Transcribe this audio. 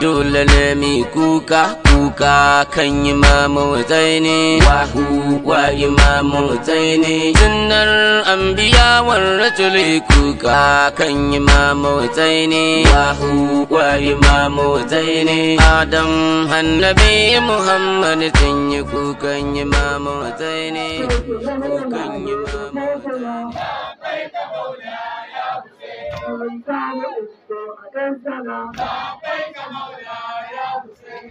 dole ne mi kuka kuka kan yi mamu ne wahu wa yi mamu zaini jinnar anbiya warratuli kuka kan yi mamu ne wahu wa yi mamu ne. adam hannabi muhammad sun yi kukan yi mamu zaini kukan yi mamu